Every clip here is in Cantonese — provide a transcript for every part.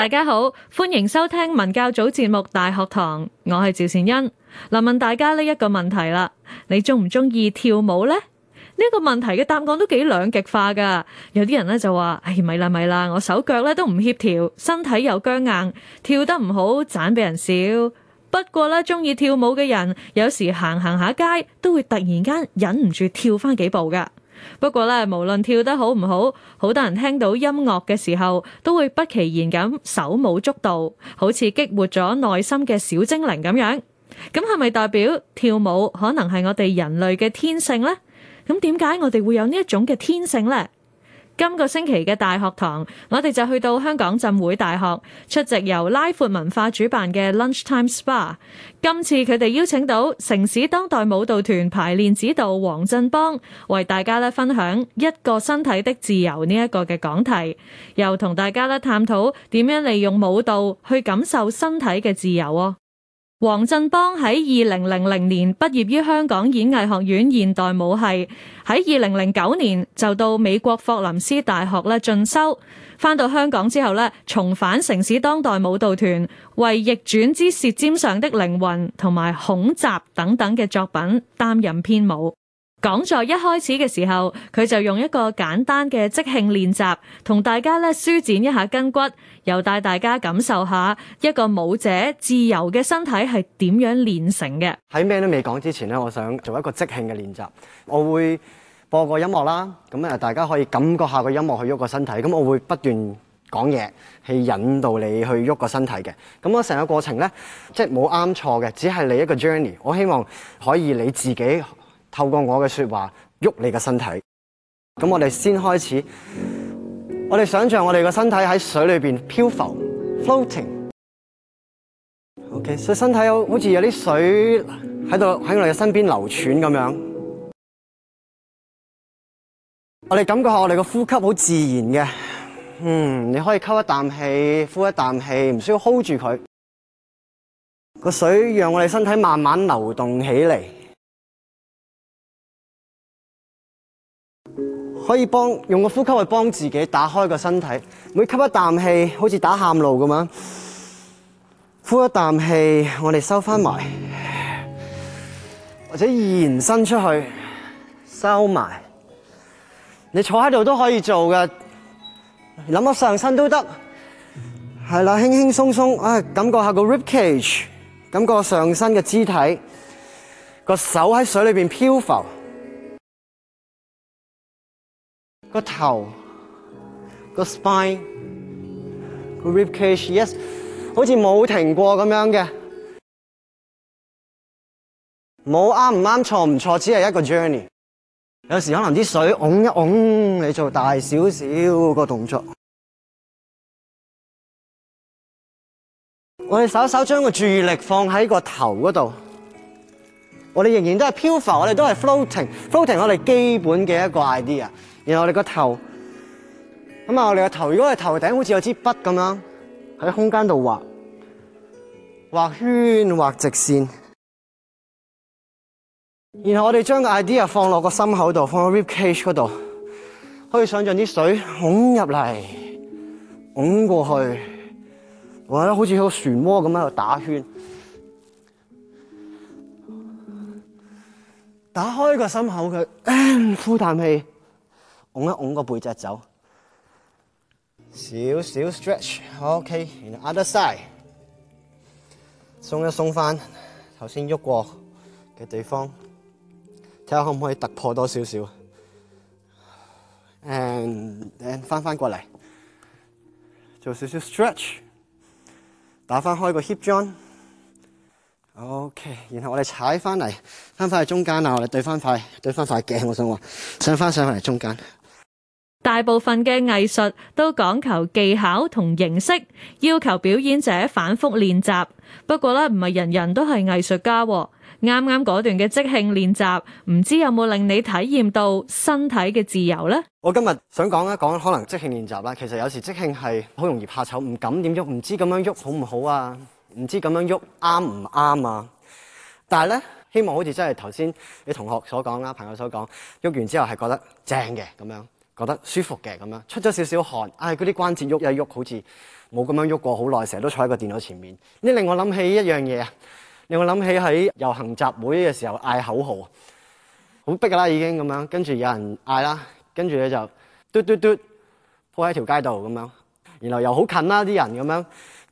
大家好，歡迎收聽文教組節目《大學堂》，我係趙善恩，嚟問大家呢一個問題啦：你中唔中意跳舞呢？呢個問題嘅答案都幾兩極化噶，有啲人咧就話：哎咪啦咪啦，我手腳咧都唔協調，身體又僵硬，跳得唔好，盞俾人笑。不過咧，中意跳舞嘅人有時行行下街，都會突然間忍唔住跳翻幾步噶。不過，無論跳得好唔好，好多人聽到音樂嘅時候，都會不其然咁手舞足蹈，好似激活咗內心的小精靈咁樣。咁，係咪代表跳舞可能係我哋人類嘅天性呢？咁，點解我哋會有呢一種嘅天性呢？今個星期嘅大學堂，我哋就去到香港浸會大學出席由拉闊文化主辦嘅 Lunchtime Spa。今次佢哋邀請到城市當代舞蹈團排練指導黃振邦，為大家咧分享一個身體的自由呢一個嘅講題，又同大家咧探討點樣利用舞蹈去感受身體嘅自由黃振邦喺二零零零年畢業於香港演藝學院現代舞系，喺二零零九年就到美國霍林斯大學咧進修。返到香港之後咧，重返城市當代舞蹈團，為《逆轉之舌尖上的靈魂》同埋《恐襲》等等嘅作品擔任編舞。講座一開始嘅時候，佢就用一個簡單嘅即興練習，同大家咧舒展一下筋骨，又帶大家感受下一個舞者自由嘅身體係點樣練成嘅。喺咩都未講之前呢，我想做一個即興嘅練習，我會播個音樂啦，咁啊大家可以感覺下個音樂去喐個身體，咁我會不斷講嘢，去引導你去喐個身體嘅。咁我成個過程呢，即係冇啱錯嘅，只係你一個 journey。我希望可以你自己。透過我嘅說話喐你嘅身體，咁我哋先開始。我哋想像我哋嘅身體喺水裏面漂浮，floating。OK，所以身體有好似有啲水喺度，喺我哋嘅身邊流轉咁樣。我哋感覺下我哋嘅呼吸好自然嘅。嗯，你可以吸一啖氣，呼一啖氣，唔需要 hold 住佢。個水讓我哋身體慢慢流動起嚟。可以幫，用個呼吸去幫自己打開個身體，每吸一啖氣好似打喊路咁樣，呼一啖氣我哋收返埋，或者延伸出去收埋。你坐喺度都可以做嘅，諗下上身都得，係啦，輕輕鬆鬆啊，感覺下個 rib cage，感覺上身嘅肢體，個手喺水裏邊漂浮。個頭，個 spine，個 ribcage，yes，好似冇停過咁樣嘅，冇啱唔啱，錯唔錯，只係一個 journey。有時可能啲水㧬一㧬，你做大少少個動作。我哋稍稍將個注意力放喺個頭嗰度，我哋仍然都係漂浮，我哋都係、mm hmm. floating，floating，我哋基本嘅一個 idea。然後你個頭，咁啊，我哋個頭，如果係頭頂好，好似有支筆咁樣喺空間度畫，畫圈畫直線。然後我哋將個 idea 放落個心口度，放喺 rib cage 嗰度，可以想象啲水湧入嚟，湧過去，哇！好似個漩渦咁喺度打圈。打開個心口，佢呼啖氣。拱一拱個背脊，走少少 stretch，OK，然後 other side，鬆一鬆翻頭先喐過嘅地方，睇下可唔可以突破多少少，and and 翻翻過嚟，做少少 stretch，打翻開個 hip joint，OK，然後我哋踩翻嚟，翻翻去中間啊！我哋對翻塊對翻塊鏡，我想話，想翻上嚟中間。大部分嘅藝術都講求技巧同形式，要求表演者反覆練習。不過咧，唔係人人都係藝術家。啱啱嗰段嘅即興練習，唔知有冇令你體驗到身體嘅自由呢？我今日想講一講，可能即興練習啦。其實有時即興係好容易怕醜，唔敢點喐，唔知咁樣喐好唔好啊？唔知咁樣喐啱唔啱啊？但係咧，希望好似真係頭先你同學所講啦，朋友所講，喐完之後係覺得正嘅咁樣。覺得舒服嘅咁樣，出咗少少汗，唉、哎，嗰啲關節喐一喐，好似冇咁樣喐過好耐，成日都坐喺個電腦前面，呢令我諗起一樣嘢啊！令我諗起喺遊行集會嘅時候嗌口號，好逼啦已經咁樣，跟住有人嗌啦，跟住咧就嘟嘟嘟，鋪喺條街度咁樣，然後又好近啦啲人咁樣，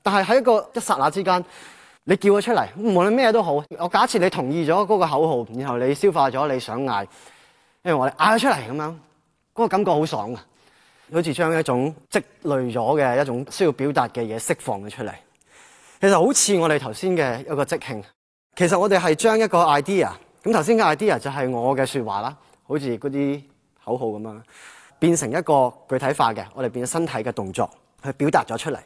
但係喺一個一剎那之間，你叫佢出嚟，無論咩都好，我假設你同意咗嗰個口號，然後你消化咗你想嗌，因為我哋嗌佢出嚟咁樣。嗰個感覺好爽啊！好似將一種積累咗嘅一種需要表達嘅嘢釋放咗出嚟，其實好似我哋頭先嘅一個即興。其實我哋係將一個 idea，咁頭先嘅 idea 就係我嘅説話啦，好似嗰啲口號咁樣，變成一個具體化嘅，我哋變咗身體嘅動作去表達咗出嚟。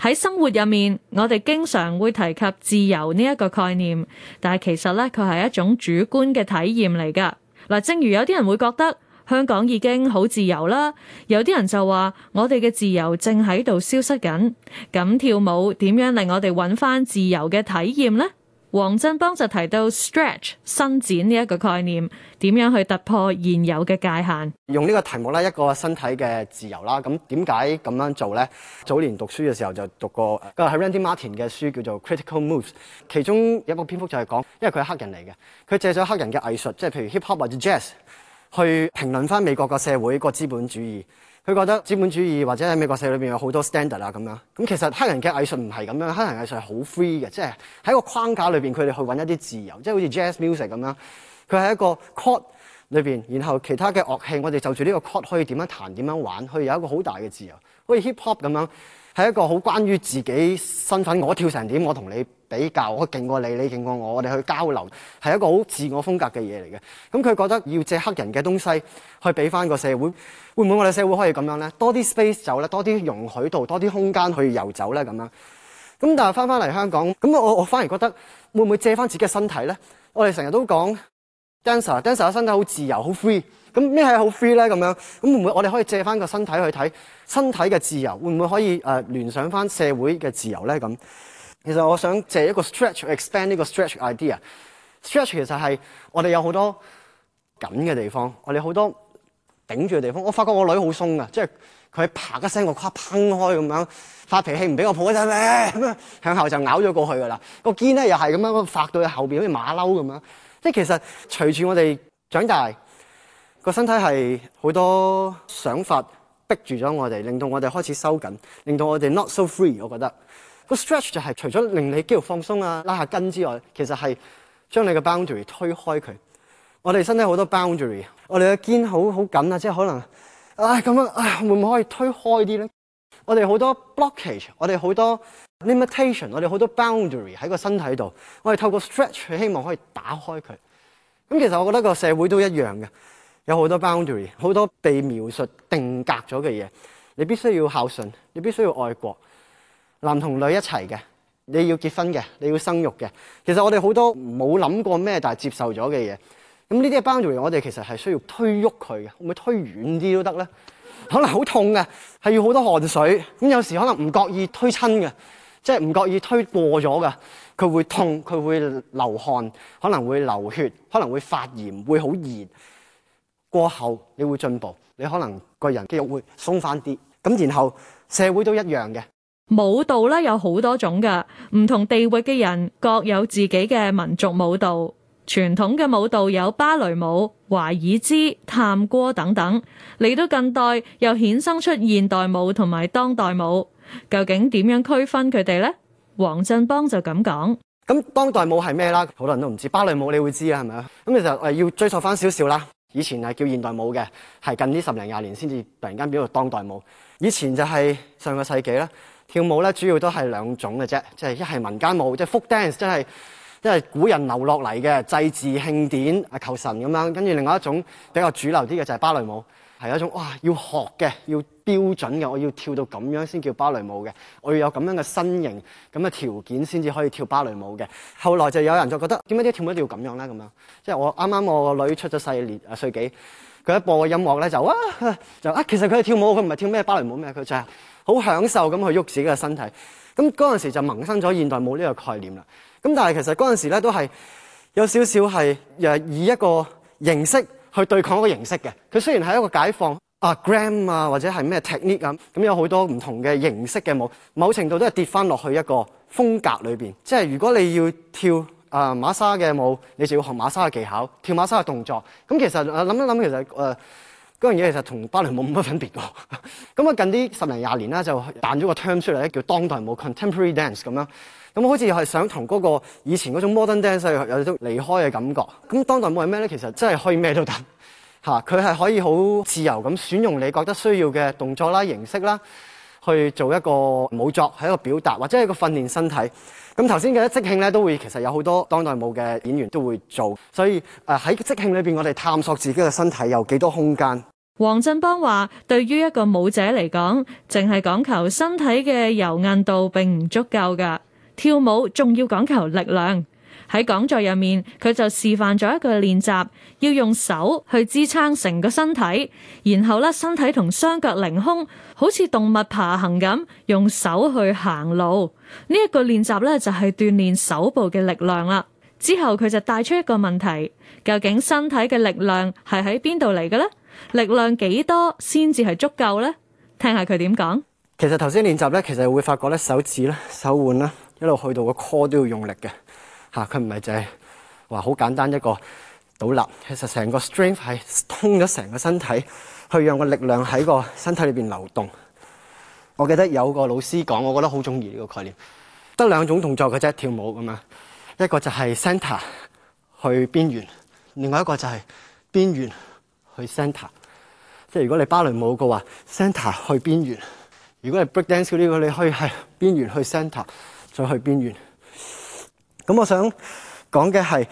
喺生活入面，我哋經常會提及自由呢一個概念，但係其實呢，佢係一種主觀嘅體驗嚟噶。嗱，正如有啲人會覺得。香港已經好自由啦，有啲人就話我哋嘅自由正喺度消失緊。咁跳舞點樣令我哋搵翻自由嘅體驗呢？黃振邦就提到 stretch 伸展呢一個概念，點樣去突破現有嘅界限？用呢個題目啦，一個身體嘅自由啦。咁點解咁樣做咧？早年讀書嘅時候就讀過，佢喺 Randy Martin 嘅書叫做 Critical Moves，其中有一個篇幅就係講，因為佢係黑人嚟嘅，佢借咗黑人嘅藝術，即係譬如 hip hop 或者 jazz。去評論翻美國個社會個資本主義，佢覺得資本主義或者喺美國社會裏邊有好多 standard 啊咁樣。咁其實黑人嘅藝術唔係咁樣，黑人藝術係好 free 嘅，即係喺個框架裏面，佢哋去揾一啲自由，即係好似 jazz music 咁樣，佢係一個 court 裏邊，然後其他嘅樂器，我哋就住呢個 court 可以點樣彈點樣玩，佢有一個好大嘅自由，好似 hip hop 咁樣。係一個好關於自己身份，我跳成點，我同你比較，我勁過你，你勁過我，我，我哋去交流，係一個好自我風格嘅嘢嚟嘅。咁佢覺得要借黑人嘅東西去俾翻個社會，會唔會我哋社會可以咁樣咧？多啲 space 走咧，多啲容許度，多啲空間去遊走咧，咁樣。咁但係翻翻嚟香港，咁我我反而覺得會唔會借翻自己嘅身體咧？我哋成日都講 dancer，dancer 嘅 dan 身體好自由，好 free。咁咩係好 free 咧？咁樣咁會唔會我哋可以借翻個身體去睇身體嘅自由，會唔會可以誒聯想翻社會嘅自由咧？咁其實我想借一個 stretch expand 呢個 stretch idea。stretch 其實係我哋有好多緊嘅地方，我哋好多頂住嘅地方。我發覺我女好鬆噶，即係佢啪一聲個胯拚開咁樣發脾氣，唔俾我抱一陣咩咁樣向後就咬咗過去噶啦。個肩咧又係咁樣發到去後面，好似馬騮咁樣。即係其實隨住我哋長大。個身體係好多想法逼住咗我哋，令到我哋開始收緊，令到我哋 not so free。我覺得個 stretch 就係除咗令你肌肉放鬆啊、拉下筋之外，其實係將你嘅 boundary 推開佢。我哋身體好多 boundary，我哋嘅肩好好緊啊，即係可能啊咁樣啊，會唔可以推開啲咧？我哋好多 blockage，我哋好多 limitation，我哋好多 boundary 喺個身體度。我哋透過 stretch 希望可以打開佢。咁其實我覺得個社會都一樣嘅。有好多 boundary，好多被描述定格咗嘅嘢，你必須要孝順，你必須要愛國，男同女一齊嘅，你要結婚嘅，你要生育嘅。其實我哋好多冇諗過咩，但係接受咗嘅嘢。咁呢啲 boundary，我哋其實係需要推喐佢嘅，會唔會推遠啲都得咧？可能好痛嘅，係要好多汗水。咁有時候可能唔覺意推親嘅，即係唔覺意推過咗嘅，佢會痛，佢會流汗，可能會流血，可能會發炎，會好熱。過後你會進步，你可能個人肌肉會鬆翻啲咁。然後社會都一樣嘅舞蹈咧，有好多種㗎。唔同地域嘅人各有自己嘅民族舞蹈。傳統嘅舞蹈有芭蕾舞、華爾茲、探戈等等。嚟到近代又衍生出現代舞同埋當代舞。究竟點樣區分佢哋呢？黃振邦就咁講，咁當代舞係咩啦？好多人都唔知，芭蕾舞你會知啊，係咪啊？咁其實要追溯翻少少啦。以前係叫現代舞嘅，係近呢十零廿年先至突然間變到當代舞。以前就係上個世紀啦，跳舞咧主要都係兩種嘅啫，即係一係民間舞，即係 folk dance，即係即係古人留落嚟嘅祭祀慶典、求神咁樣，跟住另外一種比較主流啲嘅就係芭蕾舞，係一種哇要學嘅要。標準嘅，我要跳到咁樣先叫芭蕾舞嘅，我要有咁樣嘅身形，咁嘅條件先至可以跳芭蕾舞嘅。後來就有人就覺得，點解啲跳舞一定要咁樣咧？咁樣，即係我啱啱我個女出咗世年啊歲幾，佢一播個音樂咧就啊就啊，其實佢係跳舞，佢唔係跳咩芭蕾舞咩，佢就係好享受咁去喐自己嘅身體。咁嗰陣時就萌生咗現代舞呢個概念啦。咁但係其實嗰陣時咧都係有少少係以一個形式去對抗一個形式嘅。佢雖然係一個解放。啊，Graham 啊，或者係咩 technique 咁，咁、啊嗯、有好多唔同嘅形式嘅舞，某程度都係跌翻落去一個風格裏邊。即係如果你要跳啊、呃、瑪莎嘅舞，你就要學瑪莎嘅技巧，跳瑪莎嘅動作。咁其實諗一諗，其實誒嗰樣嘢其實同、呃、芭蕾舞冇乜分別。咁啊、嗯、近啲十零廿年啦、啊，就彈咗個 term 出嚟咧，叫當代舞 （contemporary dance） 咁樣。咁、嗯嗯、好似係想同嗰個以前嗰種 modern dance 有啲種離開嘅感覺。咁、嗯、當代舞係咩咧？其實真係可以咩都得。嚇！佢係可以好自由咁選用你覺得需要嘅動作啦、形式啦，去做一個舞作，係一個表達，或者係一個訓練身體。咁頭先嘅一即興咧，都會其實有好多當代舞嘅演員都會做，所以誒喺即興裏邊，我哋探索自己嘅身體有幾多空間。黃振邦話：對於一個舞者嚟講，淨係講求身體嘅柔韌度並唔足夠㗎，跳舞仲要講求力量。喺講座入面，佢就示範咗一個練習，要用手去支撐成個身體，然後咧身體同雙腳凌空，好似動物爬行咁，用手去行路。呢、這、一個練習咧就係鍛鍊手部嘅力量啦。之後佢就帶出一個問題：究竟身體嘅力量係喺邊度嚟嘅呢？力量幾多先至係足夠呢？聽下佢點講。其實頭先練習咧，其實會發覺咧手指啦，手腕啦，一路去到個頸都要用力嘅。嚇佢唔係淨係話好簡單一個倒立，其實成個 strength 係通咗成個身體，去讓個力量喺個身體裏面流動。我記得有個老師講，我覺得好中意呢個概念。得兩種動作嘅啫，跳舞咁樣，一個就係 center 去邊緣，另外一個就係邊緣去 center。即係如果你芭蕾舞嘅話 center 去邊緣；如果你 break dance 呢個，你可以係邊緣去 center 再去邊緣。咁我想講嘅係，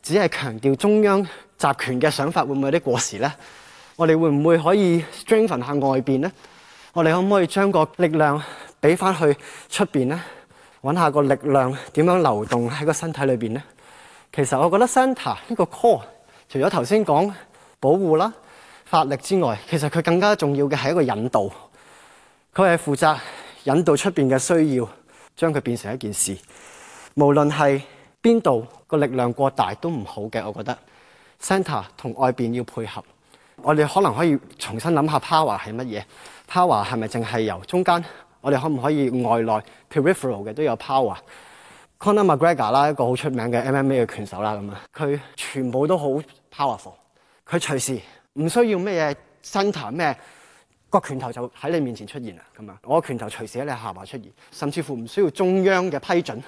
只係強調中央集權嘅想法會唔會有啲過時咧？我哋會唔會可以 strengthen 下外邊咧？我哋可唔可以將個力量俾翻去出邊咧？揾下個力量點樣流動喺個身體裏邊咧？其實我覺得 centre 呢個 core，除咗頭先講保護啦、法力之外，其實佢更加重要嘅係一個引導。佢係負責引導出邊嘅需要，將佢變成一件事。無論係邊度個力量過大都唔好嘅，我覺得 centre 同外邊要配合。我哋可能可以重新諗下 power 係乜嘢？power 係咪淨係由中間？我哋可唔可以外來 peripheral 嘅都有 power？Conor McGregor 啦，McG or，一個好出名嘅 MMA 嘅拳手啦，咁佢全部都好 powerful。佢隨時唔需要咩嘢 centre 咩？個拳頭就喺你面前出現啦，咁我個拳頭隨時喺你下巴出現，甚至乎唔需要中央嘅批准。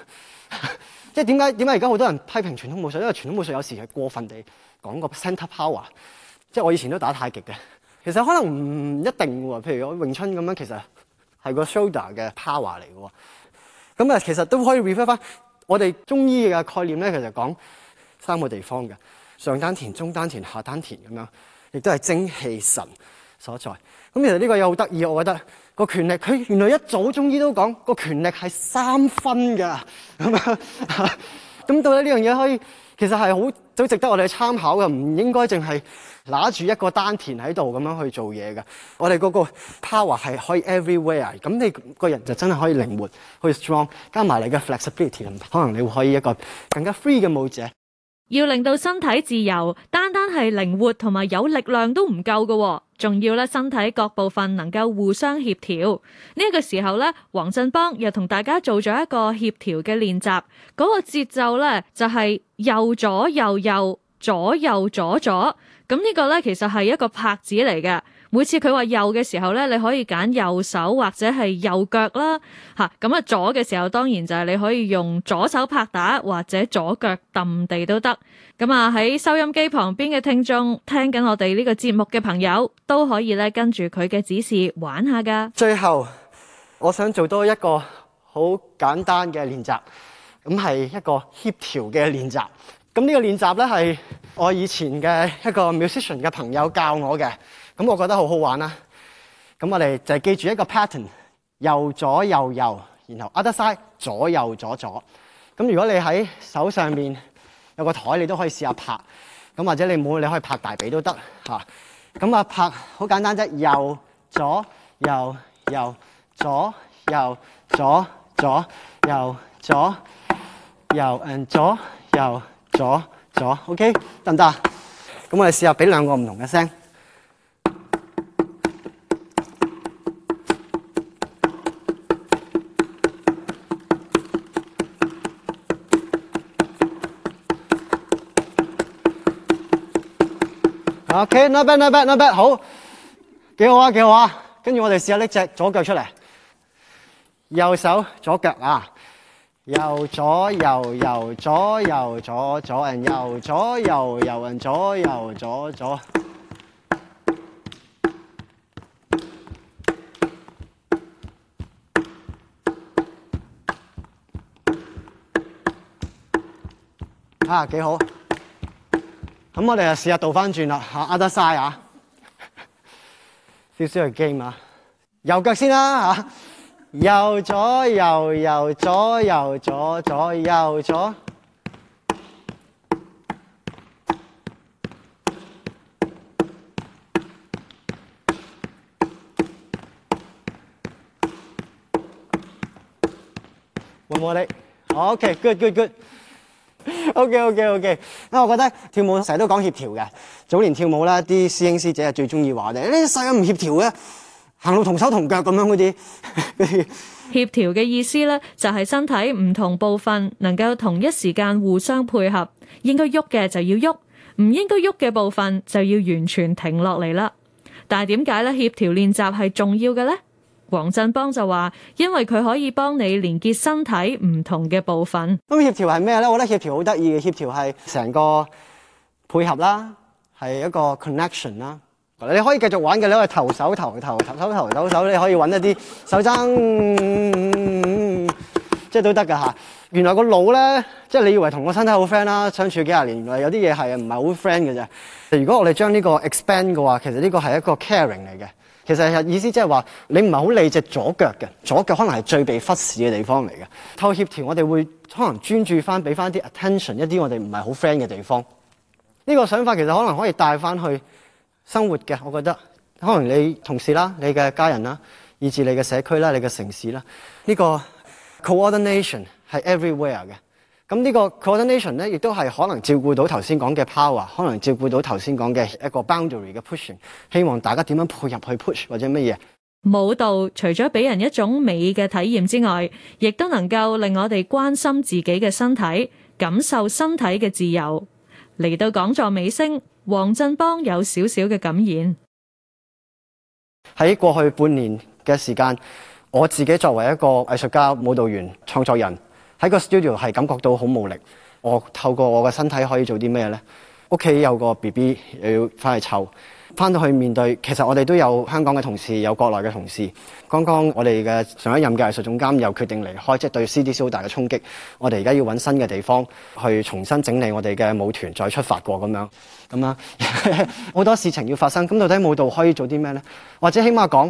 即係點解點解而家好多人批評傳統武術？因為傳統武術有時係過分地講個 center power。即係我以前都打太極嘅，其實可能唔一定嘅。譬如我詠春咁樣，其實係個 shoulder 嘅 power 嚟嘅。咁啊，其實都可以 refer 翻我哋中醫嘅概念咧。其實講三個地方嘅上丹田、中丹田、下丹田咁樣，亦都係精氣神所在。咁其實呢個又好得意，我覺得。個權力，佢原來一早中醫都講個權力係三分㗎，咁咁、啊、到底呢樣嘢可以，其實係好都值得我哋去參考嘅，唔應該淨係攞住一個丹田喺度咁樣去做嘢嘅。我哋嗰個 power 係可以 everywhere，咁你個人就真係可以靈活，可以 strong，加埋你嘅 flexibility，可能你會可以一個更加 free 嘅舞者。要令到身體自由，單單係靈活同埋有力量都唔夠嘅，仲要咧身體各部分能夠互相協調。呢個時候咧，黃振邦又同大家做咗一個協調嘅練習，嗰個節奏咧就係右左右右，左右左左，咁呢個咧其實係一個拍子嚟嘅。每次佢話右嘅時候咧，你可以揀右手或者係右腳啦，吓咁啊。左嘅時候當然就係你可以用左手拍打或者左腳揼地都得。咁啊，喺收音機旁邊嘅聽眾聽緊我哋呢個節目嘅朋友都可以咧跟住佢嘅指示玩下㗎。最後我想做多一個好簡單嘅練習，咁係一個協調嘅練習。咁呢個練習咧係我以前嘅一個 musician 嘅朋友教我嘅。咁我覺得好好玩啦！咁我哋就係記住一個 pattern，右左右右，然後 other side 左右左左。咁如果你喺手上面有個台，你都可以試下拍。咁或者你冇，你可以拍大髀都得嚇。咁啊拍好簡單啫，右左右右左右左左，右左右右，嗯，左右左左，OK 得唔得啊？咁我哋試下俾兩個唔同嘅聲。O.K.not bad，not bad，not bad，好，幾好啊，幾好啊！跟住我哋試下拎隻左腳出嚟，右手左腳啊，右左右右左右左左人右左右右人左右左左，啊，幾好。咁我哋又試下倒翻轉啦嚇，啱得曬啊，少少係 game 嚇。右腳先啦、啊、嚇，右左右右左右左左右左。冇冇力，OK，good good good。O K O K O K，啊！Okay, okay, okay. 我覺得跳舞成日都講協調嘅。早年跳舞啦，啲師兄師姐係最中意話嘅，你細個唔協調嘅，行路同手同腳咁樣嗰啲。 協調嘅意思咧，就係身體唔同部分能夠同一時間互相配合，應該喐嘅就要喐，唔應該喐嘅部分就要完全停落嚟啦。但係點解咧協調練習係重要嘅咧？黃振邦就話，因為佢可以幫你連結身體唔同嘅部分。咁協調係咩咧？我覺得協調好得意嘅，協調係成個配合啦，係一個 connection 啦。你可以繼續玩嘅，你可以投手投投手投手手，你可以揾一啲手踭、嗯嗯嗯嗯，即係都得噶吓。原來個腦咧，即係你以為同個身體好 friend 啦，相處幾廿年，原來有啲嘢係唔係好 friend 嘅啫。如果我哋將呢個 expand 嘅話，其實呢個係一個 caring 嚟嘅。其實係意思即係話，你唔係好理隻左腳嘅，左腳可能係最被忽視嘅地方嚟嘅。透過協調，我哋會可能專注翻，俾翻啲 attention 一啲我哋唔係好 friend 嘅地方。呢個想法其實可能可以帶翻去生活嘅，我覺得。可能你同事啦、你嘅家人啦，以至你嘅社區啦、你嘅城市啦，呢個 coordination 係 everywhere 嘅。咁呢個 coordination 咧，亦都係可能照顧到頭先講嘅 power，可能照顧到頭先講嘅一個 boundary 嘅 pushing。希望大家點樣配合去 push 或者乜嘢？舞蹈除咗俾人一種美嘅體驗之外，亦都能夠令我哋關心自己嘅身體，感受身體嘅自由。嚟到講座尾聲，黃振邦有少少嘅感言。喺過去半年嘅時間，我自己作為一個藝術家、舞蹈員、創作人。喺個 studio 係感覺到好無力，我透過我嘅身體可以做啲咩呢？屋企有個 B B 又要翻去湊，翻到去面對，其實我哋都有香港嘅同事，有國內嘅同事。剛剛我哋嘅上一任嘅藝術總監又決定離開，即係對 CDC 好大嘅衝擊。我哋而家要揾新嘅地方去重新整理我哋嘅舞團，再出發過咁樣咁啊！好 多事情要發生。咁到底舞蹈可以做啲咩呢？或者起碼講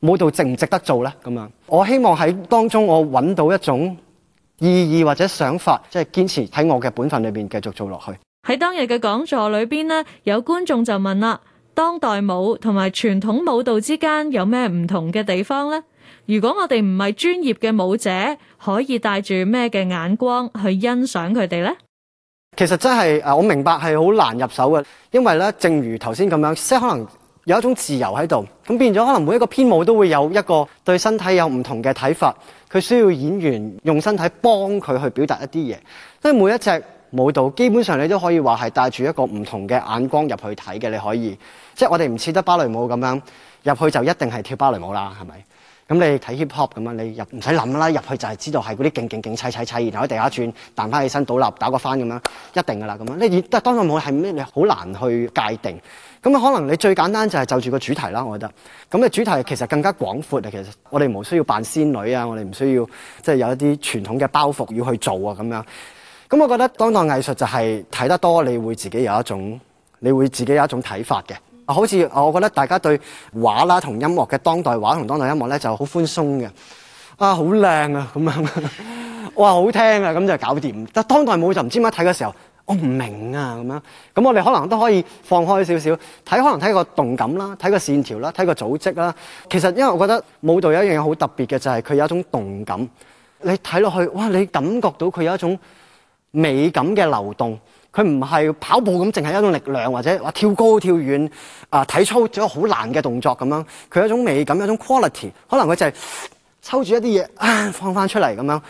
舞蹈值唔值得做呢？咁啊，我希望喺當中我揾到一種。意義或者想法，即係堅持喺我嘅本分裏面繼續做落去。喺當日嘅講座裏邊呢，有觀眾就問啦：「當代舞同埋傳統舞蹈之間有咩唔同嘅地方呢？如果我哋唔係專業嘅舞者，可以帶住咩嘅眼光去欣賞佢哋呢？」其實真係誒，我明白係好難入手嘅，因為呢，正如頭先咁樣，即係可能。有一種自由喺度，咁變咗可能每一個編舞都會有一個對身體有唔同嘅睇法，佢需要演員用身體幫佢去表達一啲嘢，所以每一隻舞蹈基本上你都可以話係帶住一個唔同嘅眼光入去睇嘅，你可以即係、就是、我哋唔似得芭蕾舞咁樣入去就一定係跳芭蕾舞啦，係咪？咁你睇 hip hop 咁你入唔使諗啦，入去就係知道係嗰啲勁勁勁砌砌砌，然後喺地下轉彈翻起身倒立打個翻咁樣，一定噶啦咁樣，你現當代舞係咩？你好難去界定。咁可能你最簡單就係就住個主題啦，我覺得。咁嘅主題其實更加廣闊啊！其實我哋唔需要扮仙女啊，我哋唔需要即係有一啲傳統嘅包袱要去做啊咁樣。咁我覺得當代藝術就係睇得多，你會自己有一種，你會自己有一種睇法嘅。好似我覺得大家對畫啦同音樂嘅當代畫同當代音樂咧就好寬鬆嘅，啊好靚啊咁樣，哇好聽啊咁就搞掂。但當代舞就唔知點解睇嘅時候，我唔明啊咁樣。咁我哋可能都可以放開少少睇，可能睇個動感啦，睇個線條啦，睇個組織啦。其實因為我覺得舞蹈有一樣嘢好特別嘅，就係佢有一種動感。你睇落去，哇！你感覺到佢有一種美感嘅流動。佢唔係跑步咁，淨係一種力量，或者話跳高跳遠啊、呃、體操，仲有好難嘅動作咁樣。佢有一種美感，有一種 quality，可能佢就係抽住一啲嘢放翻出嚟咁樣，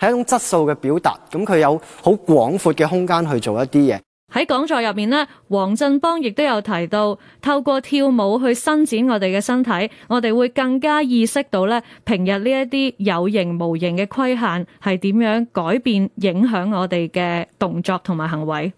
係一種質素嘅表達。咁佢有好廣闊嘅空間去做一啲嘢。喺講座入面呢，黃振邦亦都有提到，透過跳舞去伸展我哋嘅身體，我哋會更加意識到呢平日呢一啲有形無形嘅規限係點樣改變影響我哋嘅動作同埋行為。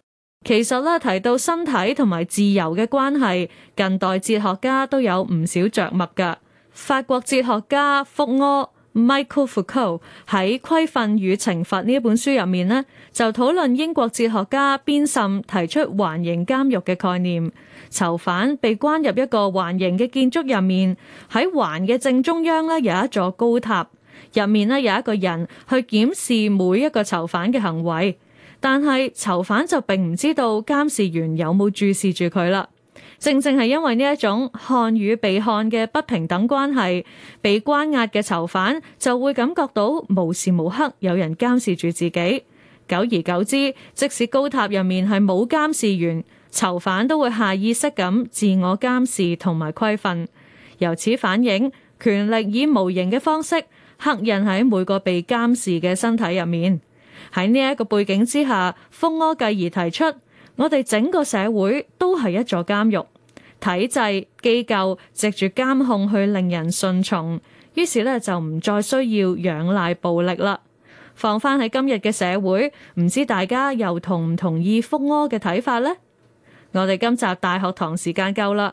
其實呢提到身體同埋自由嘅關係，近代哲學家都有唔少着墨㗎。法國哲學家福柯。Michael Foucault 喺《規訓與懲罰》呢一本書入面呢就討論英國哲學家邊沁提出環形監獄嘅概念。囚犯被關入一個環形嘅建築入面，喺環嘅正中央呢有一座高塔，入面呢有一個人去檢視每一個囚犯嘅行為，但係囚犯就並唔知道監視員有冇注視住佢啦。正正係因為呢一種看與被看嘅不平等關係，被關押嘅囚犯就會感覺到無時無刻有人監視住自己。久而久之，即使高塔入面係冇監視員，囚犯都會下意識咁自我監視同埋規訓。由此反映，權力以無形嘅方式刻印喺每個被監視嘅身體入面。喺呢一個背景之下，福柯繼而提出：我哋整個社會都係一座監獄。體制機構藉住監控去令人順從，於是咧就唔再需要仰賴暴力啦。放返喺今日嘅社會，唔知大家又同唔同意福柯嘅睇法呢？我哋今集大學堂時間夠啦。